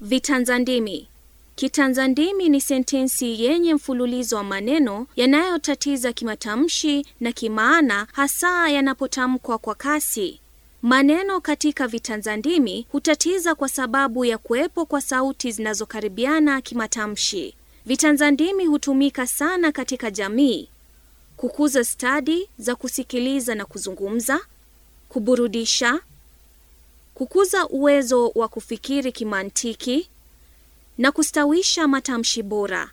Vitanzandimi. Kitanzandimi ni sentensi yenye mfululizo wa maneno yanayotatiza kimatamshi na kimaana, hasa yanapotamkwa kwa kasi. Maneno katika vitanzandimi hutatiza kwa sababu ya kuwepo kwa sauti zinazokaribiana kimatamshi. Vitanzandimi hutumika sana katika jamii: kukuza stadi za kusikiliza na kuzungumza, kuburudisha, kukuza uwezo wa kufikiri kimantiki na kustawisha matamshi bora.